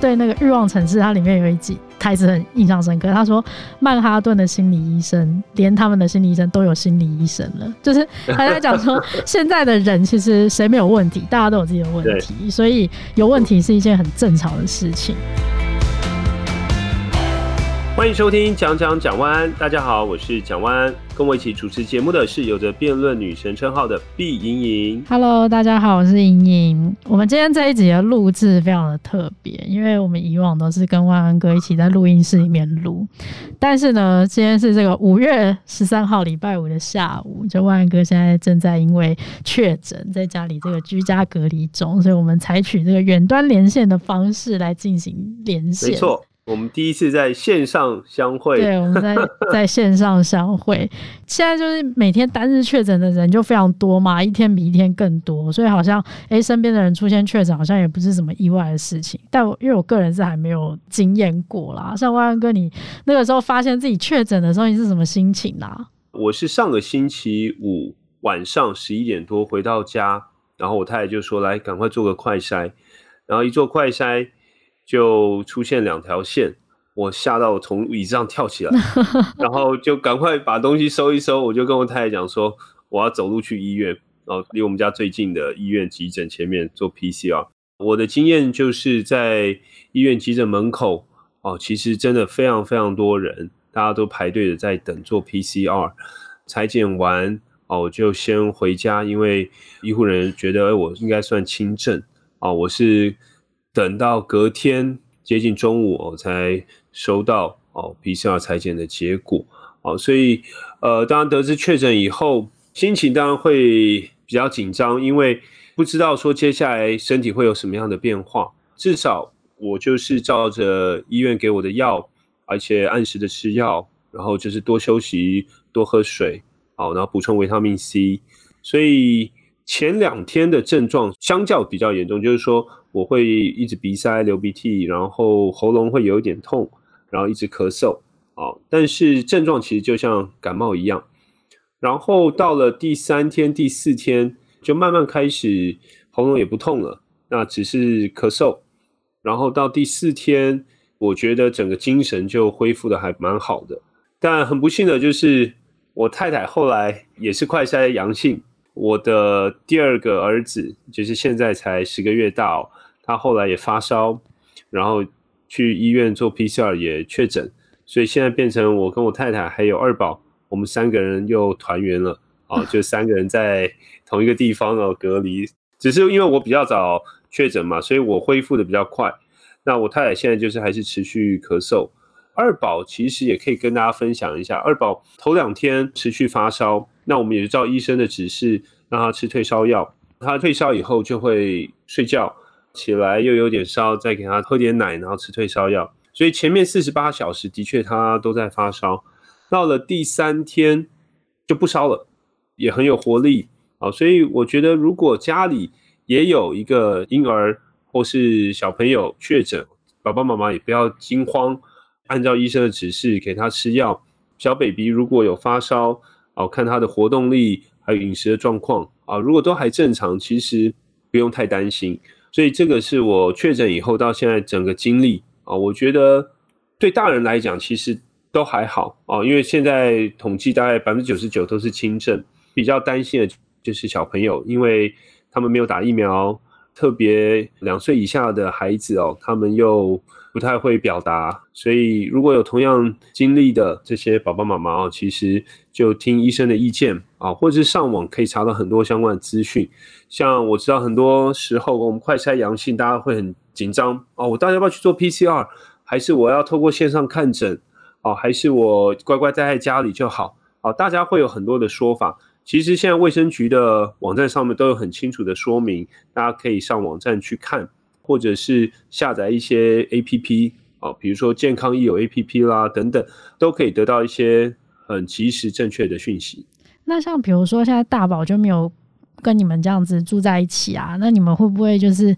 對那個慾望城市，它裡面有一句台詞很印象深刻。他說：“曼哈頓的心理醫生，連他們的心理醫生都有心理醫生了。”就是他在講說，現在的人其實誰沒有問題，大家都有自己的問題，對所以有問題是一件很正常的事情。歡迎收聽《講講蔣萬安》，大家好，我是蔣萬安。跟我一起主持節目的是有着辯論女神稱號的畢盈盈。Hello，大家好，我是盈盈。我們今天這一集的錄製非常的特別，因為我們以往都是跟萬安哥一起在錄音室裡面錄，但是呢，今天是這個五月十三號禮拜五的下午，就萬安哥現在正在因為確診在家裡這個居家隔離中，所以我們採取這個遠端連線的方式來進行連線。沒錯。我們第一次在線上相會，對，我們在在線上相會。 現在就是每天單日確診的人就非常多嘛，一天比一天更多，所以好像哎、欸，身邊的人出現確診，好像也不是什麼意外的事情。但我因為我個人是還沒有經驗過啦。像萬安哥，你那個時候發現自己確診的時候，你是什麼心情呢、啊？我是上個星期五晚上十一點多回到家，然後我太太就說：“來，趕快做個快篩。”然後一做快篩，就出現兩條線，我嚇到，從椅子上跳起來， 然後就趕快把東西收一收。我就跟我太太講說，我要走路去醫院，哦，離我們家最近的醫院急診前面做 PCR。我的經驗就是在醫院急診門口，哦，其實真的非常非常多人，大家都排隊的在等做 PCR。採檢完，哦，我就先回家，因為醫護人員覺得、欸、我應該算輕症，哦，我是。等到隔天接近中午我、哦、才收到哦 PCR 採檢的結果哦，所以呃，當然得知確診以後，心情當然會比較緊張，因為不知道說接下來身體會有什麼樣的變化。至少我就是照着醫院給我的藥，而且按時的吃藥，然後就是多休息、多喝水，好、哦，然後補充維他命 C。所以前兩天的症狀相較比較嚴重，就是說。我會一直鼻塞、流鼻涕，然後喉嚨會有一點痛，然後一直咳嗽啊、哦。但是症狀其實就像感冒一樣。然後到了第三天、第四天，就慢慢開始喉嚨也不痛了，那只是咳嗽。然後到第四天，我覺得整個精神就恢復得還蠻好的。但很不幸的就是，我太太後來也是快篩陽性。我的第二個兒子就是現在才十個月大、哦。他後來也發燒，然後去醫院做 PCR 也確診，所以現在變成我跟我太太還有二寶，我們三個人又團圓了啊！就三個人在同一個地方哦隔離，只是因為我比較早確診嘛，所以我恢復得比較快。那我太太現在就是還是持續咳嗽，二寶其實也可以跟大家分享一下，二寶頭兩天持續發燒，那我們也照醫生的指示讓他吃退燒藥，他退燒以後就會睡覺。起來又有點燒，再給他喝點奶，然後吃退燒藥。所以前面四十八小時的確他都在發燒，到了第三天就不燒了，也很有活力啊。哦，所以我覺得，如果家裡也有一個嬰兒或是小朋友確診，爸爸媽媽也不要驚慌，按照醫生的指示給他吃藥。小 baby 如果有發燒哦，看他的活動力還有飲食的狀況啊，哦，如果都還正常，其實不用太擔心。所以這個是我確診以後到現在整個經歷啊，我覺得對大人來講其實都還好啊，因為現在統計大概百分之九十九都是輕症，比較擔心的就是小朋友，因為他們沒有打疫苗。特別兩歲以下的孩子哦，他們又不太會表達，所以如果有同樣經歷的這些爸爸媽媽哦，其實就聽醫生的意見啊、哦，或者是上網可以查到很多相關的資訊。像我知道很多時候我們快篩陽性，大家會很緊張哦，我到底要不要去做 PCR？還是我要透過線上看診？哦，還是我乖乖待在家裡就好？哦，大家會有很多的說法。其實現在衛生局的網站上面都有很清楚的說明，大家可以上網站去看，或者是下載一些 A P P，哦，比如說健康益友 A P P 啦等等，都可以得到一些很及時正確的訊息。那像比如說現在大寶就沒有跟你們這樣子住在一起啊，那你們會不會就是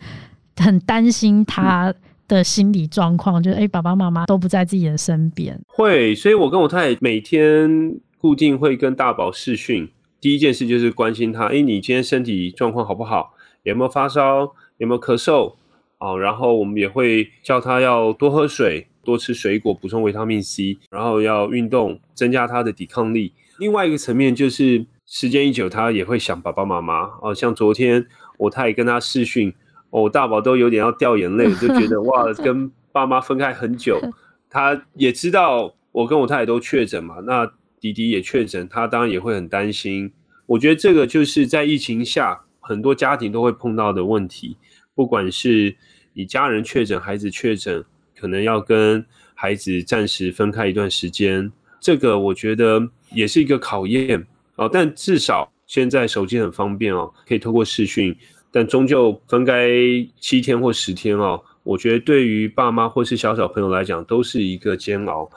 很擔心他的心理狀況？嗯，就是，哎，爸爸媽媽都不在自己的身邊，會。所以我跟我太太每天固定會跟大寶視訊。第一件事就是關心他，哎，你今天身體狀況好不好？有沒有發燒？有沒有咳嗽？哦，然後我們也會叫他要多喝水，多吃水果，補充維他命 C，然後要運動，增加他的抵抗力。另外一個層面就是，時間一久，他也會想爸爸媽媽哦。像昨天我太太跟他視訊，哦，我大寶都有點要掉眼淚，就覺得哇，跟爸媽分開很久，他也知道我跟我太太都確診嘛，那。滴滴也確診，他當然也會很擔心。我覺得這個就是在疫情下，很多家庭都會碰到的問題。不管是你家人確診，孩子確診，可能要跟孩子暫時分開一段時間，這個我覺得也是一個考驗哦。但至少現在手機很方便哦，可以透過視訊。但終究分開七天或十天哦，我覺得對於爸媽或是小小朋友來講，都是一個煎熬。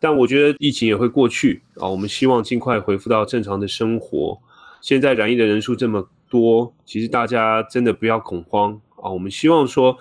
但我覺得疫情也會過去啊、哦，我們希望盡快恢復到正常的生活。現在染疫的人數這麼多，其實大家真的不要恐慌啊、哦，我們希望說，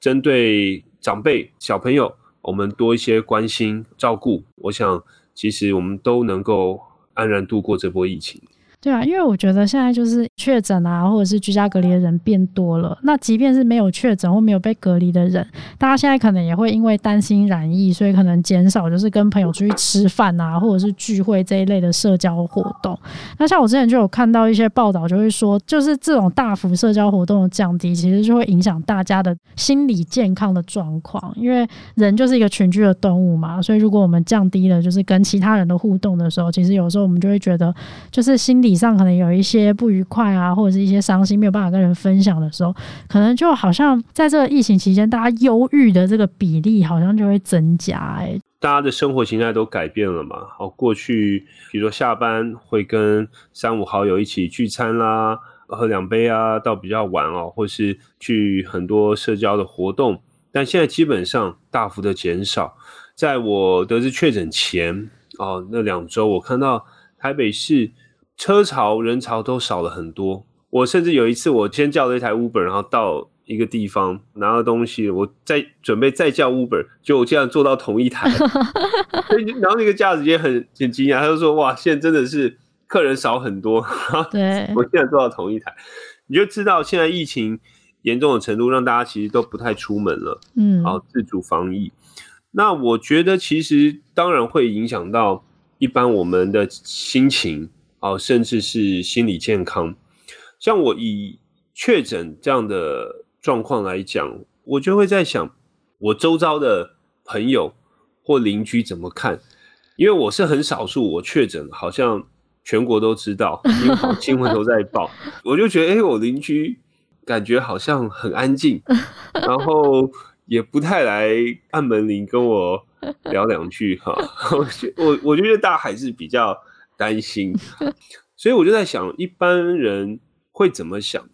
針對長輩、小朋友，我們多一些關心照顧。我想，其實我們都能夠安然度過這波疫情。對啊，因為我覺得現在就是確診啊，或者是居家隔離的人變多了。那即便是沒有確診或沒有被隔離的人，大家現在可能也會因為擔心染疫，所以可能減少就是跟朋友出去吃飯啊，或者是聚會這一類的社交活動。那像我之前就有看到一些報道，就會說，就是這種大幅社交活動的降低，其實就會影響大家的心理健康的狀況。因為人就是一個群居的動物嘛，所以如果我們降低了就是跟其他人的互動的時候，其實有時候我們就會覺得就是心理。以上可能有一些不愉快啊，或者是一些傷心沒有辦法跟人分享的時候，可能就好像在這個疫情期間，大家憂鬱的這個比例好像就會增加哎、欸。大家的生活形態都改變了嘛？好、哦，過去比如說下班會跟三五好友一起聚餐啦，喝兩杯啊，到比較晚哦，或是去很多社交的活動，但現在基本上大幅的減少。在我得知確診前哦，那兩周我看到台北市。車潮人潮都少了很多。我甚至有一次，我先叫了一台 Uber，然後到一個地方拿了東西，我再準備再叫 Uber，就我竟然，坐到同一台。然後那個駕駛也很很驚訝，他就說：“哇，現在真的是客人少很多。”對。我現在坐到同一台，你就知道現在疫情嚴重的程度，讓大家其實都不太出門了。嗯，然後自主防疫。那我覺得其實當然會影響到一般我們的心情。哦，甚至是心理健康。像我以確診這樣的狀況來講，我就會在想，我周遭的朋友或鄰居怎麼看？因為我是很少數，我確診好像全國都知道，好新聞都在報。 我就覺得，哎、欸，我鄰居感覺好像很安靜，然後也不太來按門鈴跟我聊兩句哈。我、哦、我我覺得大家還是比較。擔心，所以我就在想， 一般人會怎麼想？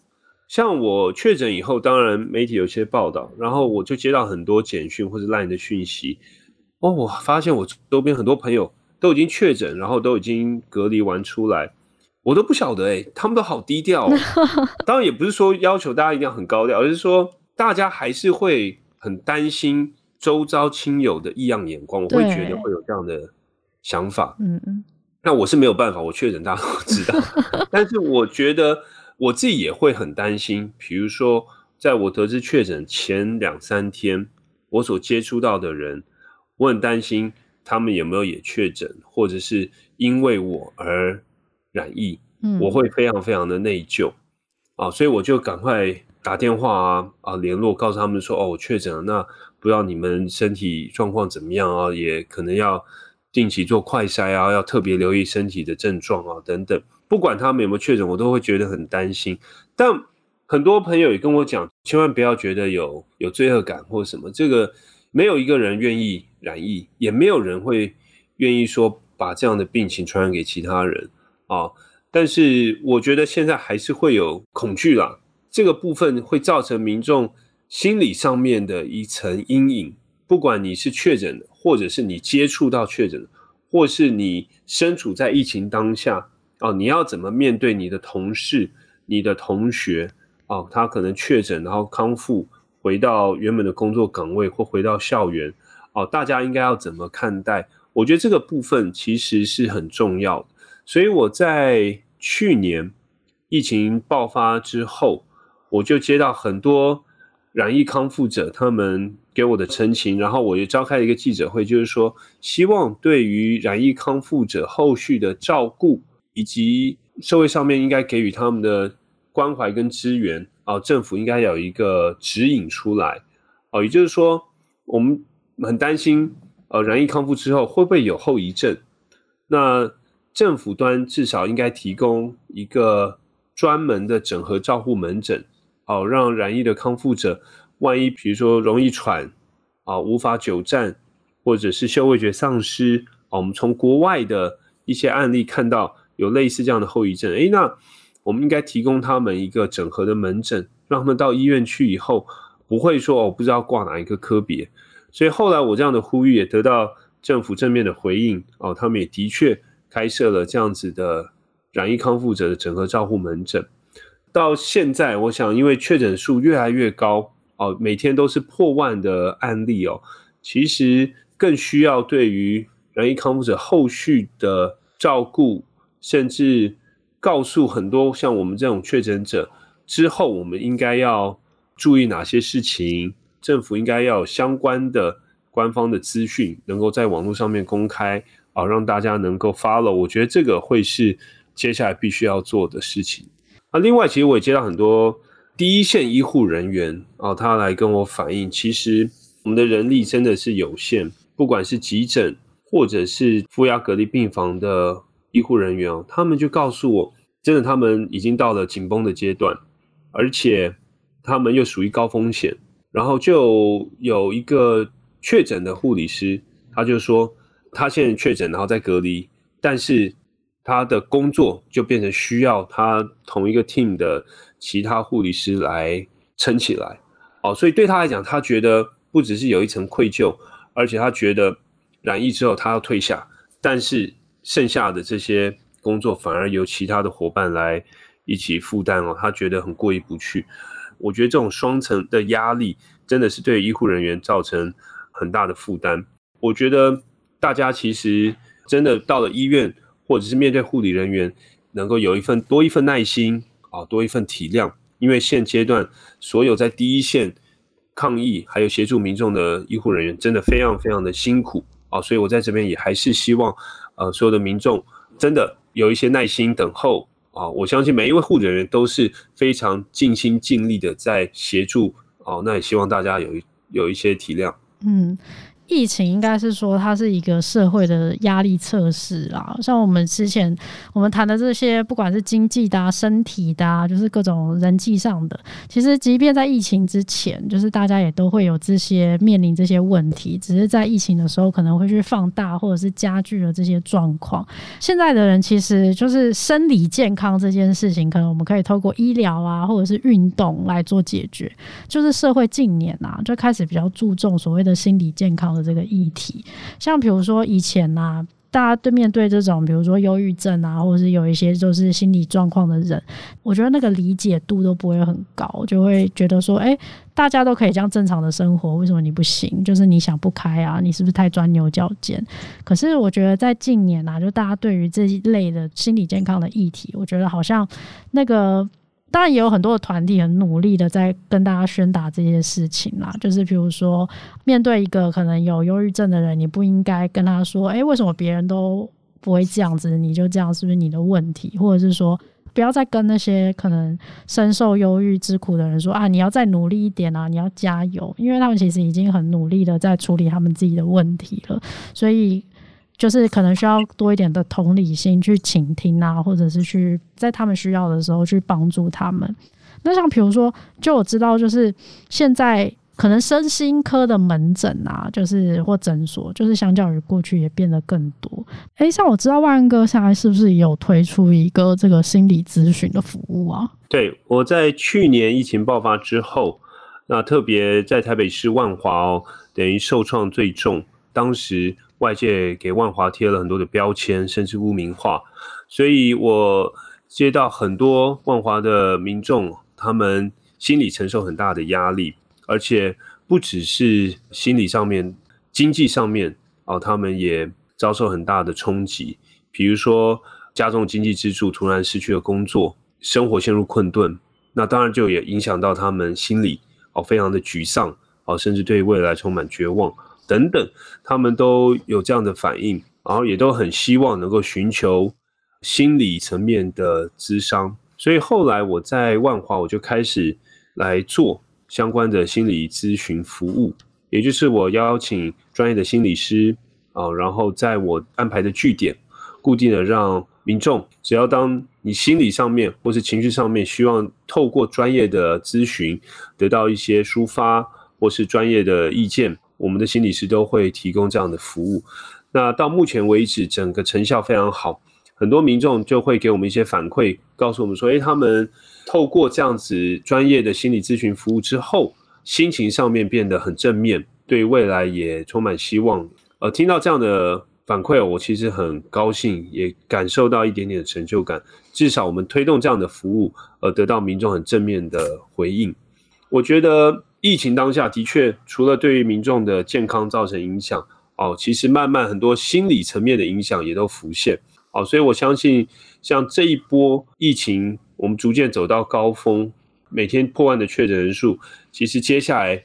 像我確診以後，當然媒體有些報道，然後我就接到很多簡訊或是 LINE 的訊息。哦，我發現我周邊很多朋友都已經確診，然後都已經隔離完出來，我都不曉得哎、欸，他們都好低調、哦。 當然也不是說要求大家一定要很高調，而是說大家還是會很擔心周遭親友的異樣眼光。對我會覺得會有這樣的想法。嗯嗯。那我是沒有辦法，我確診大家都知道， 但是我覺得我自己也會很擔心。比如說，在我得知確診前兩三天，我所接觸到的人，我很擔心他們有沒有也確診，或者是因為我而染疫。我會非常非常的內疚、嗯、啊，所以我就趕快打電話啊、啊、聯絡，告訴他們說：“哦，我確診了，那不知道你們身體狀況怎麼樣啊？也可能要。”定期做快篩啊，要特別留意身體的症狀啊，等等。不管他們有沒有確診，我都會覺得很擔心。但很多朋友也跟我講，千萬不要覺得有有罪惡感或什麼，這個沒有一個人願意染疫，也沒有人會願意說把這樣的病情傳染給其他人啊。哦，但是我覺得現在還是會有恐懼啦，這個部分會造成民眾心理上面的一層陰影。不管你是確診的，或者是你接觸到確診的，或是你身處在疫情當下，哦，你要怎麼面對你的同事、你的同學？哦，他可能確診，然後康復，回到原本的工作崗位或回到校園，哦，大家應該要怎麼看待？我覺得這個部分其實是很重要的。所以我在去年疫情爆發之後，我就接到很多染疫康復者，他們。給我的陳情，然後我就召開了一個記者會，就是說希望對於染疫康復者後續的照顧以及社會上面應該給予他們的關懷跟資源啊、呃，政府應該有一個指引出來哦、呃，也就是說我們很擔心呃染疫康復之後會不會有後遺症，那政府端至少應該提供一個專門的整合照護門診，哦，讓染疫的康復者。萬一比如說容易喘啊、呃，無法久站，或者是嗅味覺喪失啊、哦，我們從國外的一些案例看到有類似這樣的後遺症。誒、欸，那我們應該提供他們一個整合的門診，讓他們到醫院去以後不會說哦，不知道掛哪一個科別。所以後來我這樣的呼籲也得到政府正面的回應哦，他們也的確開設了這樣子的染疫康復者的整合照護門診。到現在，我想因為確診數越來越高。每天都是破萬的案例哦，其實更需要對於染疫康復者後續的照顧，甚至告訴很多像我們這種確診者之後，我們應該要注意哪些事情。政府應該要有相關的官方的資訊能夠在網絡上面公開啊、哦，讓大家能夠 follow。我覺得這個會是接下來必須要做的事情。那、啊、另外，其實我也接到很多。第一線醫護人員啊、哦，他來跟我反映，其實我們的人力真的是有限，不管是急診或者是負壓隔離病房的醫護人員哦，他們就告訴我，真的他們已經到了緊繃的階段，而且他們又屬於高風險，然後就有一個確診的護理師，他就說他現在確診，然後在隔離，但是。他的工作就變成需要他同一個 team 的其他護理師來撐起來，哦，所以對他來講，他覺得不只是有一層愧疚，而且他覺得染疫之後他要退下，但是剩下的這些工作反而由其他的夥伴來一起負擔哦，他覺得很過意不去。我覺得這種雙層的壓力真的是對醫護人員造成很大的負擔。我覺得大家其實真的到了醫院。或者是面對護理人員，能夠有一份多一份耐心啊，多一份體諒，因為現階段所有在第一線抗疫還有協助民眾的醫護人員，真的非常非常的辛苦啊，所以我在這邊也還是希望，呃，所有的民眾真的有一些耐心等候啊，我相信每一位護理人員都是非常盡心盡力的在協助啊，那也希望大家有一有一些體諒，嗯。疫情應該是說它是一個社會的壓力測試啦，像我們之前我們談的這些，不管是經濟的啊、身體的啊，就是各種人際上的，其實即便在疫情之前，就是大家也都會有這些面臨這些問題，只是在疫情的時候可能會去放大或者是加劇了這些狀況。現在的人其實就是生理健康這件事情，可能我們可以透過醫療啊，或者是運動來做解決。就是社會近年啊，就開始比較注重所謂的心理健康的這個議題，像比如說以前吶、啊，大家對面對這種，比如說憂鬱症啊，或者是有一些就是心理狀況的人，我覺得那個理解度都不會很高，就會覺得說，哎，大家都可以這樣正常的生活，為什麼你不行？就是你想不開啊，你是不是太鑽牛角尖？可是我覺得在近年吶、啊，就大家對於這一類的心理健康的議題，我覺得好像那個。當然也有很多的團體很努力的在跟大家宣導這件事情啦，就是比如說，面對一個可能有憂鬱症的人，你不應該跟他說，哎、欸，為什麼別人都不會這樣子，你就這樣，是不是你的問題？或者是說，不要再跟那些可能深受憂鬱之苦的人說，啊，你要再努力一點啊，你要加油，因為他們其實已經很努力的在處理他們自己的問題了，所以。就是可能需要多一點的同理心去傾聽啊，或者是去在他們需要的時候去幫助他們。那像比如說，就我知道，就是現在可能身心科的門診啊，就是或診所，就是相較於過去也變得更多。哎、欸，像我知道萬安哥現在是不是也有推出一個這個心理諮詢的服務啊？對，我在去年疫情爆發之後，那特別在台北市萬華哦、喔，等於受創最重，當時。外界給萬華貼了很多的標籤，甚至污名化，所以我接到很多萬華的民眾，他們心理承受很大的壓力，而且不只是心理上面，經濟上面哦，他們也遭受很大的衝擊，比如說家中經濟支柱突然失去了工作，生活陷入困頓，那當然就也影響到他們心理哦，非常的沮喪哦，甚至對未來充滿絕望。等等，他們都有這樣的反應，然後也都很希望能夠尋求心理層面的諮商。所以後來我在萬華，我就開始來做相關的心理諮詢服務，也就是我邀請專業的心理師啊，然後在我安排的據點，固定的讓民眾，只要當你心理上面或是情緒上面，希望透過專業的諮詢得到一些抒發或是專業的意見。我們的心理師都會提供這樣的服務，那到目前為止，整個成效非常好，很多民眾就會給我們一些反饋，告訴我們說：“誒、哎，他們透過這樣子專業的心理諮詢服務之後，心情上面變得很正面，對未來也充滿希望。”呃，聽到這樣的反饋，我其實很高興，也感受到一點點的成就感。至少我們推動這樣的服務，而得到民眾很正面的回應，我覺得。疫情當下的確，除了對於民眾的健康造成影響哦，其實慢慢很多心理層面的影響也都浮現哦，所以我相信，像這一波疫情，我們逐漸走到高峰，每天破萬的確診人數，其實接下來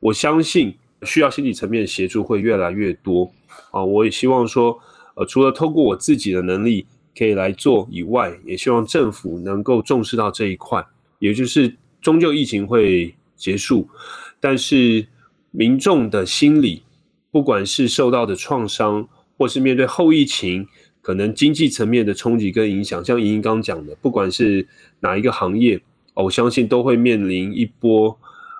我相信需要心理層面的協助會越來越多啊、哦，我也希望說，呃，除了透過我自己的能力可以來做以外，也希望政府能夠重視到這一塊，也就是終究疫情會結束，但是民眾的心理，不管是受到的創傷，或是面對後疫情可能經濟層面的衝擊跟影響，像盈盈剛講的，不管是哪一個行業，我相信都會面臨一波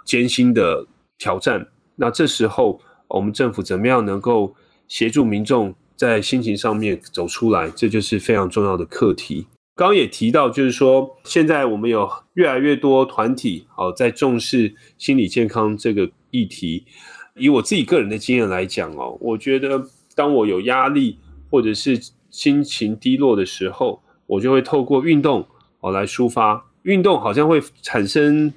艱辛的挑戰。那這時候，我們政府怎麼樣能夠協助民眾在心情上面走出來？這就是非常重要的課題。剛剛也提到，就是說，現在我們有越來越多團體哦，在重視心理健康這個議題。以我自己個人的經驗來講哦，我覺得當我有壓力或者是心情低落的時候，我就會透過運動哦來抒發。運動好像會產生。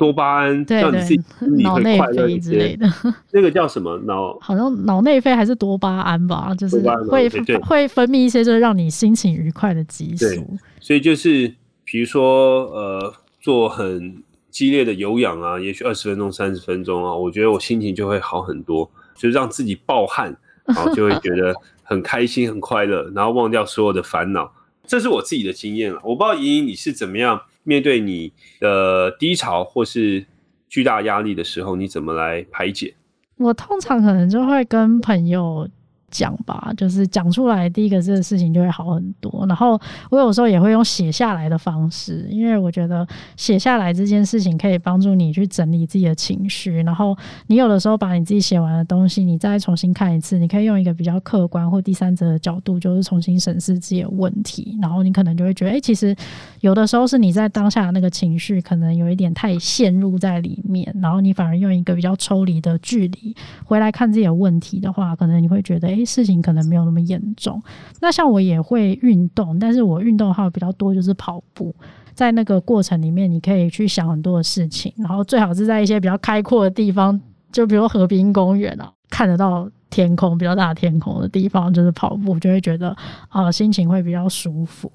多巴胺，對，對，對，讓你自己腦內啡之類的，那個叫什麼腦？好像腦內啡還是多巴胺吧，就是會會分泌一些，就讓你心情愉快的激素。所以就是比如說，呃，做很激烈的有氧啊，也許二十分鐘、三十分鐘啊，我覺得我心情就會好很多，就讓自己暴汗，然後就會覺得很開心、很快樂，然後忘掉所有的煩惱。 這是我自己的經驗了，我不知道盈盈你是怎麼樣。面對你的低潮或是巨大壓力的時候，你怎麼來排解？我通常可能就會跟朋友講吧，就是講出來，第一個字的事情就會好很多。然後我有時候也會用寫下來的方式，因為我覺得寫下來這件事情可以幫助你去整理自己的情緒。然後你有的時候把你自己寫完的東西，你再重新看一次，你可以用一個比較客觀或第三者的角度，就是重新審視自己的問題。然後你可能就會覺得，哎、欸，其實有的時候是你在當下那個情緒可能有一點太陷入在裡面，然後你反而用一個比較抽離的距離回來看自己的問題的話，可能你會覺得，哎、欸。事情可能沒有那麼嚴重。那像我也會運動，但是我運動的話比較多就是跑步，在那個過程裡面，你可以去想很多的事情。然後最好是在一些比較開闊的地方，就比如河濱公園啊，看得到天空、比較大的天空的地方，就是跑步就會覺得啊、呃，心情會比較舒服。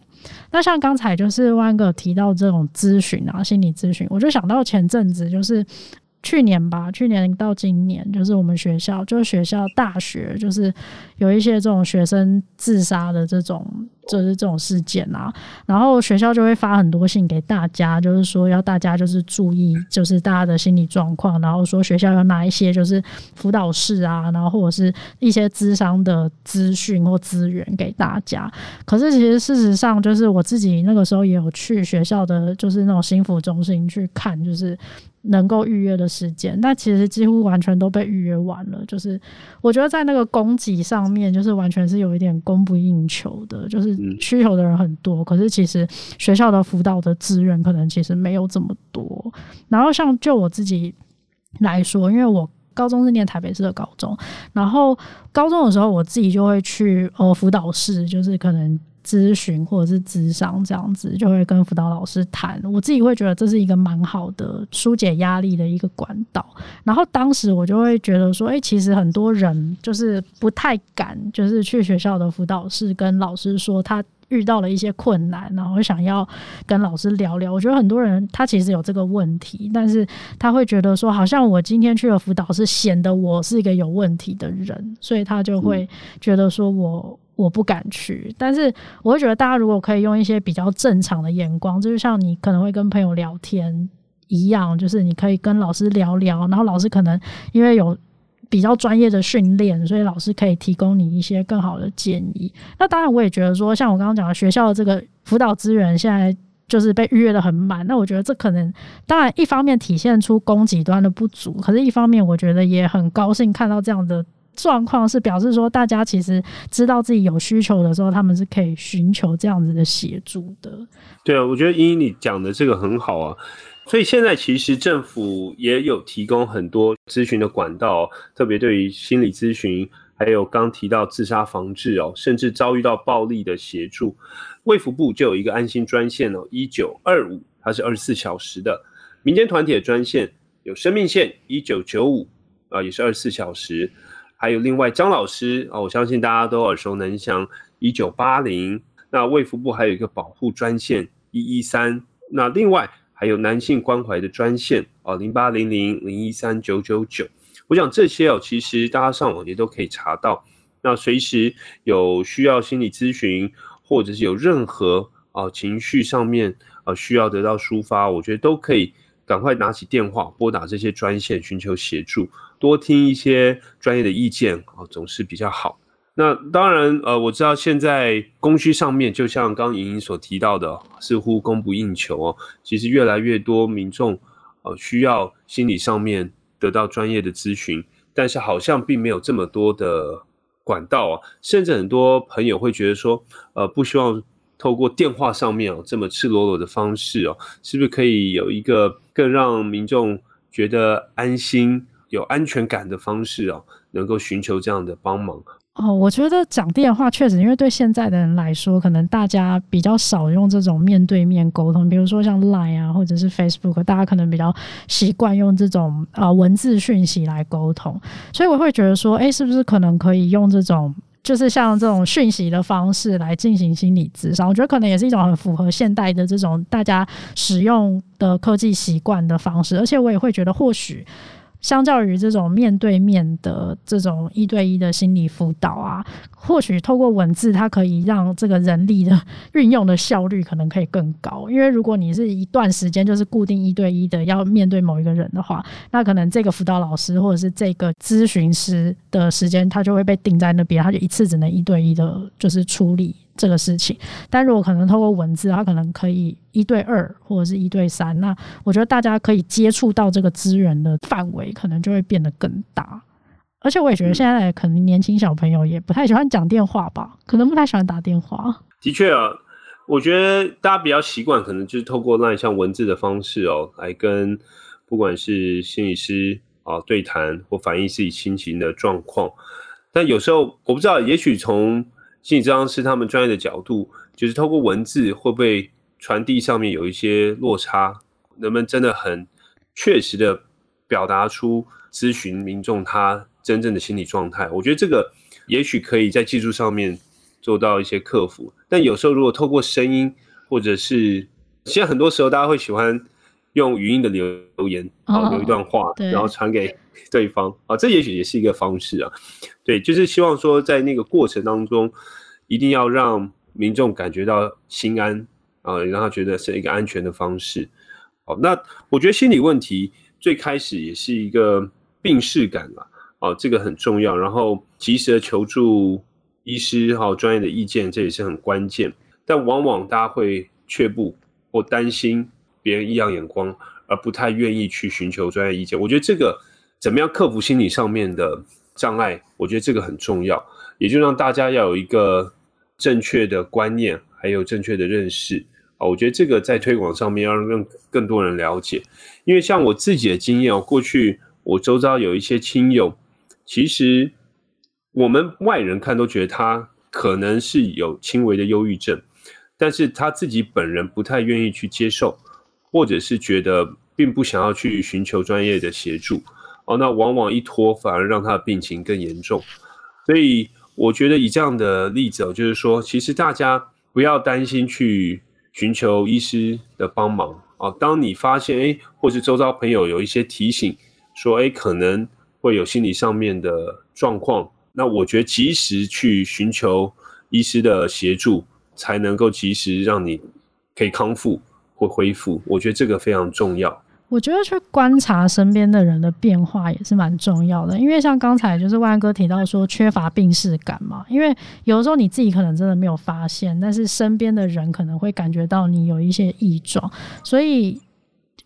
那像剛才就是萬哥提到這種諮詢啊，心理諮詢，我就想到前陣子就是。去年吧，去年到今年，就是我們學校，就是學校大學，就是。有一些這種學生自殺的這種就是這種事件啊，然後學校就會發很多信給大家，就是說要大家就是注意，就是大家的心理狀況，然後說學校有哪一些就是輔導室啊，然後或者是一些諮商的資訊或資源給大家。可是其實事實上，就是我自己那個時候也有去學校的就是那種心輔中心去看，就是能夠預約的時間，那其實幾乎完全都被預約完了，就是我覺得在那個供給上。方面就是完全是有一點供不應求的，就是需求的人很多，可是其實學校的輔導的資源可能其實沒有這麼多。然後像就我自己來說，因為我高中是念台北市的高中，然後高中的時候我自己就會去哦輔導室，就是可能。諮詢或者是諮商這樣子，就會跟輔導老師談。我自己會覺得這是一個蠻好的疏解壓力的一個管道。然後當時我就會覺得說，誒、欸，其實很多人就是不太敢，就是去學校的輔導室跟老師說他遇到了一些困難，然後想要跟老師聊聊。我覺得很多人他其實有這個問題，但是他會覺得說，好像我今天去了輔導室，顯得我是一個有問題的人，所以他就會覺得說我。我不敢去，但是我會覺得大家如果可以用一些比較正常的眼光，就是像你可能會跟朋友聊天一樣，就是你可以跟老師聊聊，然後老師可能因為有比較專業的訓練，所以老師可以提供你一些更好的建議。那當然，我也覺得說，像我剛剛講的，學校的這個輔導資源現在就是被預約得很滿。那我覺得這可能，當然一方面體現出供給端的不足，可是一方面我覺得也很高興看到這樣的。狀況是表示說，大家其實知道自己有需求的時候，他們是可以尋求這樣子的協助的。對啊，我覺得盈盈你講的這個很好啊。所以現在其實政府也有提供很多諮詢的管道哦，特別對於心理諮詢，還有剛提到自殺防治哦，甚至遭遇到暴力的協助，衛福部就有一個安心專線哦，一九二五，它是二十四小時的。民間團體的專線有生命線一九九五，啊，也是二十四小時。還有另外張老師啊、哦，我相信大家都耳熟能詳。一九八零，那衛福部還有一個保護專線一一三，那另外還有男性關懷的專線啊零八零零零一三九九九。哦、999, 我想這些哦，其實大家上網也都可以查到。那隨時有需要心理諮詢，或者是有任何啊、呃、情緒上面啊、呃、需要得到抒發，我覺得都可以趕快拿起電話撥打這些專線尋求協助。多聽一些專業的意見啊、哦，總是比較好。那當然，呃，我知道現在供需上面，就像剛盈盈所提到的，似乎供不應求哦。其實越來越多民眾呃需要心理上面得到專業的諮詢，但是好像並沒有這麼多的管道啊。甚至很多朋友會覺得說，呃，不希望透過電話上面哦這麼赤裸裸的方式哦，是不是可以有一個更讓民眾覺得安心？有安全感的方式哦、喔，能夠尋求這樣的幫忙哦。Oh, 我覺得講電話確實，因為對現在的人來說，可能大家比較少用這種面對面溝通，比如說像 Line 啊，或者是 Facebook，大家可能比較習慣用這種啊、呃、文字訊息來溝通。所以我會覺得說，誒、欸，是不是可能可以用這種，就是像這種訊息的方式來進行心理諮詢？我覺得可能也是一種很符合現代的這種大家使用的科技習慣的方式，而且我也會覺得或許。相較於這種面對面的這種一對一的心理輔導啊，或許透過文字，它可以讓這個人力的運用的效率可能可以更高。因為如果你是一段時間就是固定一對一的要面對某一個人的話，那可能這個輔導老師或者是這個諮詢師的時間他就會被定在那邊，他就一次只能一對一的，就是處理這個事情，但如果可能透過文字，它可能可以一對二或者是一對三，那我覺得大家可以接觸到這個資源的範圍可能就會變得更大。而且我也覺得現在可能年輕小朋友也不太喜歡講電話吧，可能不太喜歡打電話。的確啊，我覺得大家比較習慣可能就是透過那一項文字的方式哦、喔，來跟不管是心理師啊對談或反映自己心情的狀況。但有時候我不知道，也許從心理諮詢師他們專業的角度，就是透過文字會不會傳遞上面有一些落差，能不能真的很確實的表達出諮詢民眾他真正的心理狀態？我覺得這個也許可以在技術上面做到一些克服，但有時候如果透過聲音或者是，現在很多時候大家會喜歡用語音的留留言，哦，哦留一段話，對，然後傳給。對方啊、哦，這也許也是一個方式啊，對，就是希望說在那個過程當中，一定要讓民眾感覺到心安啊、呃，讓他覺得是一個安全的方式。好、哦，那我覺得心理問題最開始也是一個病識感啊，啊、哦，這個很重要。然後及時的求助醫師哈、哦、專業的意見，這也是很關鍵。但往往大家會卻步或擔心別人異樣眼光，而不太願意去尋求專業意見。我覺得這個。怎麼樣克服心理上面的障礙？我覺得這個很重要，也就讓大家要有一個正確的觀念，還有正確的認識啊。哦，我覺得這個在推廣上面要讓更更多人了解，因為像我自己的經驗哦，過去我周遭有一些親友，其實我們外人看都覺得他可能是有輕微的憂鬱症，但是他自己本人不太願意去接受，或者是覺得並不想要去尋求專業的協助。哦，那往往一拖反而讓他的病情更嚴重，所以我覺得以這樣的例子哦，就是說，其實大家不要擔心去尋求醫師的幫忙哦，當你發現哎，或是周遭朋友有一些提醒說，說哎可能會有心理上面的狀況，那我覺得及時去尋求醫師的協助，才能夠及時讓你可以康復或恢復。我覺得這個非常重要。我覺得去觀察身邊的人的變化也是蠻重要的，因為像剛才就是萬哥提到說缺乏病識感嘛，因為有時候你自己可能真的沒有發現，但是身邊的人可能會感覺到你有一些異狀，所以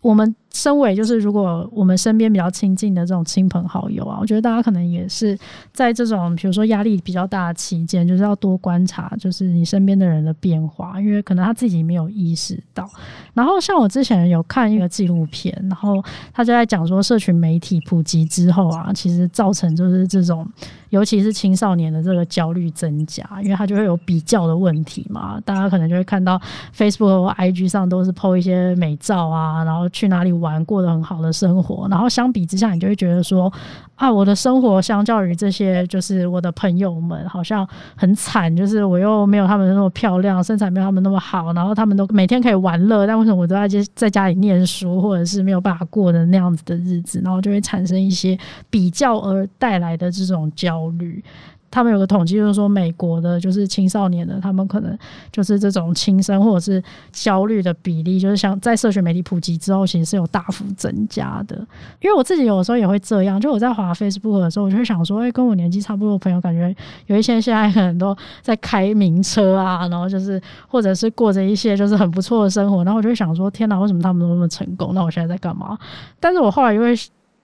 我們。身為就是，如果我們身邊比較親近的這種親朋好友啊，我覺得大家可能也是在這種比如說壓力比較大的期間，就是要多觀察，就是你身邊的人的變化，因為可能他自己沒有意識到。然後像我之前有看一個紀錄片，然後他就在講說，社群媒體普及之後啊，其實造成就是這種，尤其是青少年的這個焦慮增加，因為他就會有比較的問題嘛。大家可能就會看到 Facebook 或 IG 上都是 po 一些美照啊，然後去哪裡。玩過得很好的生活，然後相比之下，你就會覺得說，啊，我的生活相較於這些，就是我的朋友們，好像很慘，就是我又沒有他們那麼漂亮，身材沒有他們那麼好，然後他們都每天可以玩樂，但為什麼我都在在在家裡念書，或者是沒有辦法過的那樣子的日子，然後就會產生一些比較而帶來的這種焦慮。他們有個統計，就是說美國的，就是青少年的，他們可能就是這種輕生或者是焦慮的比例，就是像在社群媒體普及之後，其實是有大幅增加的。因為我自己有的時候也會這樣，就我在滑 Facebook 的時候，我就會想說，誒，跟我年紀差不多的朋友，感覺有一些現在很多在開名車啊，然後就是或者是過着一些就是很不錯的生活，然後我就會想說，天哪，為什麼他們都那麼成功？那我現在在幹嘛？但是我後來因為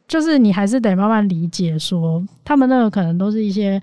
就是你還是得慢慢理解，說他們那個可能都是一些。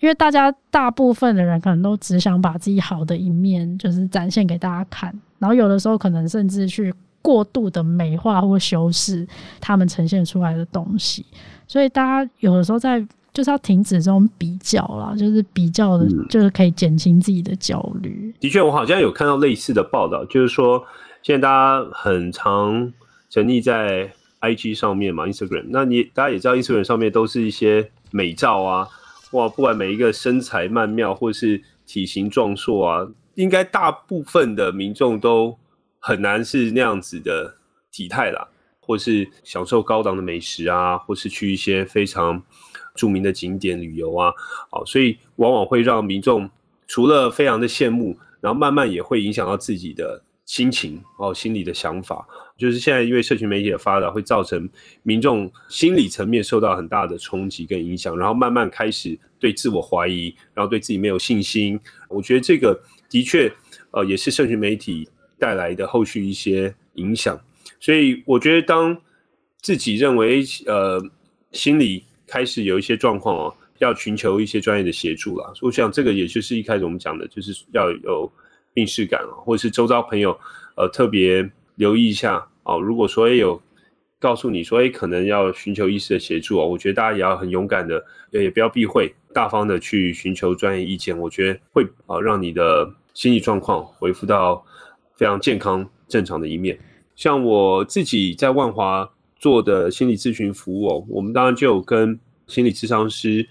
因為大家大部分的人可能都只想把自己好的一面，就是展現給大家看，然後有的時候可能甚至去過度的美化或修飾他們呈現出來的東西，所以大家有的時候在就是要停止這種比較啦，就是比較的，嗯、就是可以減輕自己的焦慮。的確，我好像有看到類似的報道，就是說現在大家很常沉溺在 IG 上面嘛，Instagram。那你大家也知道，Instagram 上面都是一些美照啊。哇，不管每一個身材曼妙，或是體型壯碩啊，應該大部分的民眾都很難是那樣子的體態啦，或是享受高檔的美食啊，或是去一些非常著名的景點旅遊啊，好，所以往往會讓民眾除了非常的羨慕，然後慢慢也會影響到自己的。心情哦，心理的想法，就是現在因為社群媒體的發達，會造成民眾心理層面受到很大的衝擊跟影響，然後慢慢開始對自我懷疑，然後對自己沒有信心。我覺得這個的確，呃，也是社群媒體帶來的後續一些影響。所以我覺得，當自己認為呃心理開始有一些狀況哦，要尋求一些專業的協助了。我想這個也就是一開始我們講的，就是要有。病識感或者是周遭朋友，呃，特別留意一下哦，啊。如果說也有告訴你說，欸、可能要尋求醫師的協助哦，我覺得大家也要很勇敢的，也不要避諱，大方的去尋求專業意見，我覺得會啊，讓你的心理狀況恢復到非常健康，正常的一面。像我自己在萬華做的心理諮詢服務，我們當然就有跟心理諮商師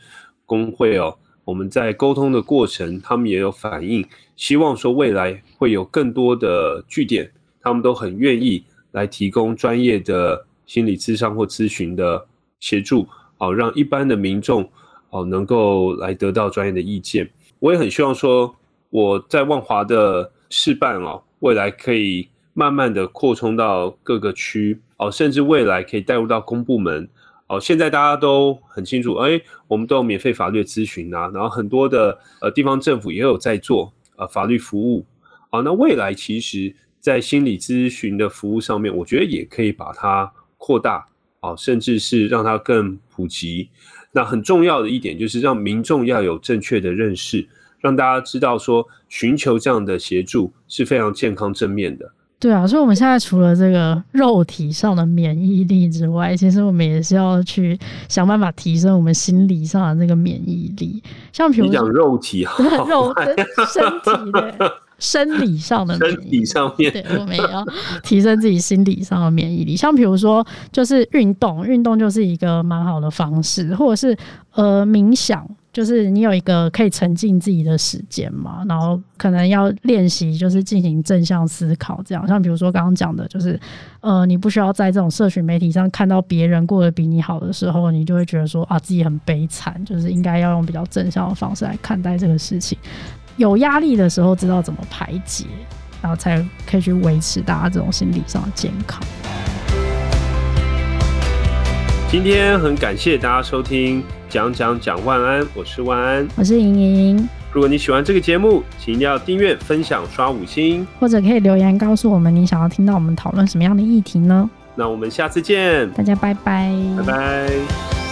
公會哦。我們在溝通的過程，他們也有反應，希望說未來會有更多的據點，他們都很願意來提供專業的心理諮商或諮詢的協助，哦，讓一般的民眾，哦，能夠來得到專業的意見。我也很希望說，我在萬華的示範哦，未來可以慢慢的擴充到各個區，哦，甚至未來可以帶入到公部門。哦，現在大家都很清楚，哎，欸，我們都有免費法律諮詢吶，然後很多的呃地方政府也有在做呃法律服務，好，啊，那未來其實在心理諮詢的服務上面，我覺得也可以把它擴大啊，甚至是讓它更普及。那很重要的一點就是讓民眾要有正確的認識，讓大家知道說尋求這樣的協助是非常健康正面的。對啊，所以我們現在除了這個肉體上的免疫力之外，其實我們也是要去想辦法提升我們心理上的那個免疫力，像比如你講肉體好，肉體身體的。 生理上的，生理上面對，對，我們也要 提升自己心理上的免疫力。像比如說，就是運動，運動就是一個蠻好的方式，或者是呃，冥想，就是你有一個可以沉浸自己的時間嘛。然後可能要練習，就是進行正向思考，這樣。像比如說剛剛講的，就是呃，你不需要在這種社群媒體上看到別人過得比你好的時候，你就會覺得說啊，自己很悲慘。就是應該要用比較正向的方式來看待這個事情。有壓力的時候知道怎麼排解，然後才可以去維持大家這種心理上的健康。今天很感謝大家收聽《講講蔣萬安》，我是萬安，我是盈盈。如果你喜歡這個節目，請一定要訂閱、分享、刷五星，或者可以留言告訴我們你想要聽到我們討論什麼樣的議題呢？那我們下次見，大家拜拜，拜拜。